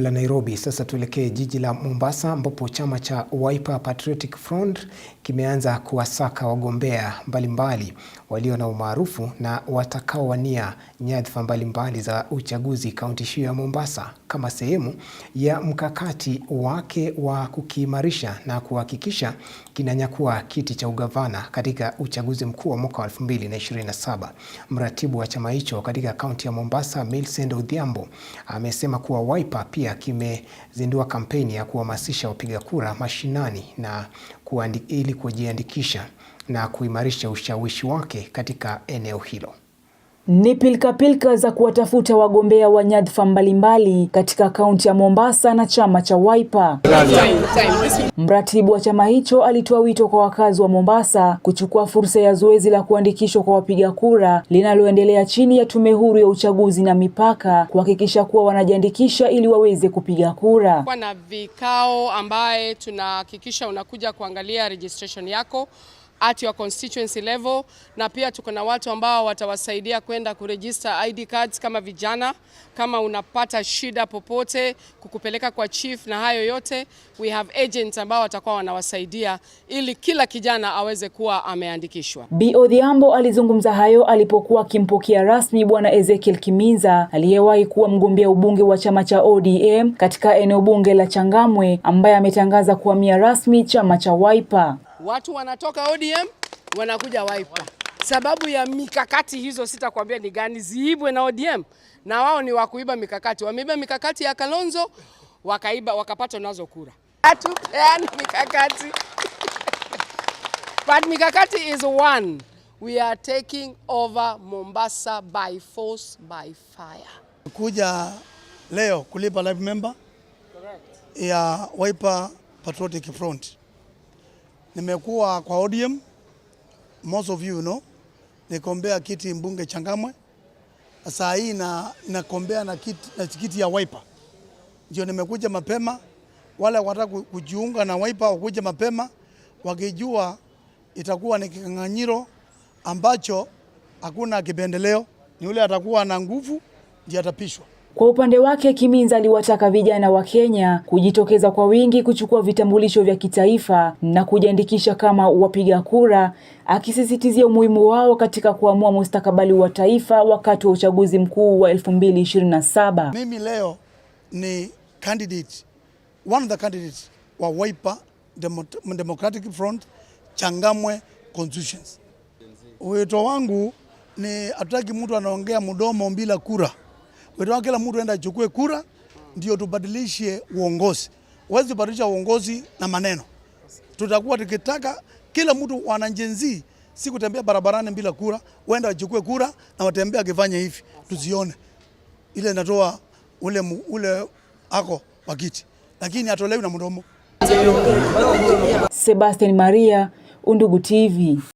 la Nairobi. Sasa tuelekee jiji la Mombasa ambapo chama cha Wiper Patriotic Front kimeanza kuwasaka wagombea mbalimbali walio na umaarufu na wata watakaowania nyadhifa mbalimbali za uchaguzi kaunti hiyo ya Mombasa kama sehemu ya mkakati wake wa kukiimarisha na kuhakikisha kinanyakua kiti cha ugavana katika uchaguzi mkuu wa mwaka 2027. Mratibu wa chama hicho katika kaunti ya Mombasa, Millicent Odhiambo, amesema kuwa Wiper pia kimezindua kampeni ya kuhamasisha wapiga kura mashinani na kuandika ili kujiandikisha na kuimarisha ushawishi wake katika eneo hilo. Ni pilkapilka za kuwatafuta wagombea wa nyadhifa mbalimbali katika kaunti ya Mombasa na chama cha Wiper. Mratibu wa chama hicho alitoa wito kwa wakazi wa Mombasa kuchukua fursa ya zoezi la kuandikishwa kwa wapiga kura linaloendelea chini ya Tume Huru ya Uchaguzi na Mipaka kuhakikisha kuwa wanajiandikisha ili waweze kupiga kura. Kuna vikao ambaye tunahakikisha unakuja kuangalia registration yako at your constituency level, na pia tuko na watu ambao watawasaidia kwenda kuregister ID cards kama vijana, kama unapata shida popote, kukupeleka kwa chief na hayo yote, we have agents ambao watakuwa wanawasaidia ili kila kijana aweze kuwa ameandikishwa. Bi Odhiambo alizungumza hayo alipokuwa akimpokea rasmi Bwana Ezekiel Kiminza aliyewahi kuwa mgombea ubunge wa chama cha ODM katika eneo bunge la Changamwe ambaye ametangaza kuhamia rasmi chama cha Wiper watu wanatoka ODM wanakuja Wiper sababu ya mikakati hizo, sitakwambia ni gani, ziibwe na ODM. Na wao ni wakuiba mikakati, wameiba mikakati ya Kalonzo wakaiba, wakapata nazo kura watu, yani mikakati but mikakati is one, we are taking over Mombasa by force by fire. Kuja leo kulipa live member ya Wiper Patriotic Front Nimekuwa kwa ODM, most of you know, nikombea kiti mbunge Changamwe. Saa hii na nakombea na kiti, na kiti ya Wiper. Ndio nimekuja mapema, wale wataka kujiunga na Wiper wakuja mapema, wakijua itakuwa ni kikanganyiro ambacho hakuna kipendeleo, ni yule atakuwa na nguvu ndio atapishwa. Kwa upande wake Kiminza aliwataka vijana wa Kenya kujitokeza kwa wingi kuchukua vitambulisho vya kitaifa na kujiandikisha kama wapiga kura, akisisitizia umuhimu wao katika kuamua mustakabali wa taifa wakati wa uchaguzi mkuu wa 2027. Mimi leo ni candidate, one of the candidates wa Wiper Democratic Front Changamwe Constituency. Wito wangu ni hatutaki mtu anaongea mdomo bila kura. Wetu kila mtu aende achukue kura ndio tubadilishe uongozi. Huwezi badilisha uongozi na maneno. Tutakuwa tukitaka kila mtu wananjenzi si kutembea barabarani bila kura, waende wachukue kura na watembea wakifanya hivi, tuzione ile inatoa ule, ule ako wa kiti, lakini atolewi na mdomo. Sebastian Maria, Undugu TV.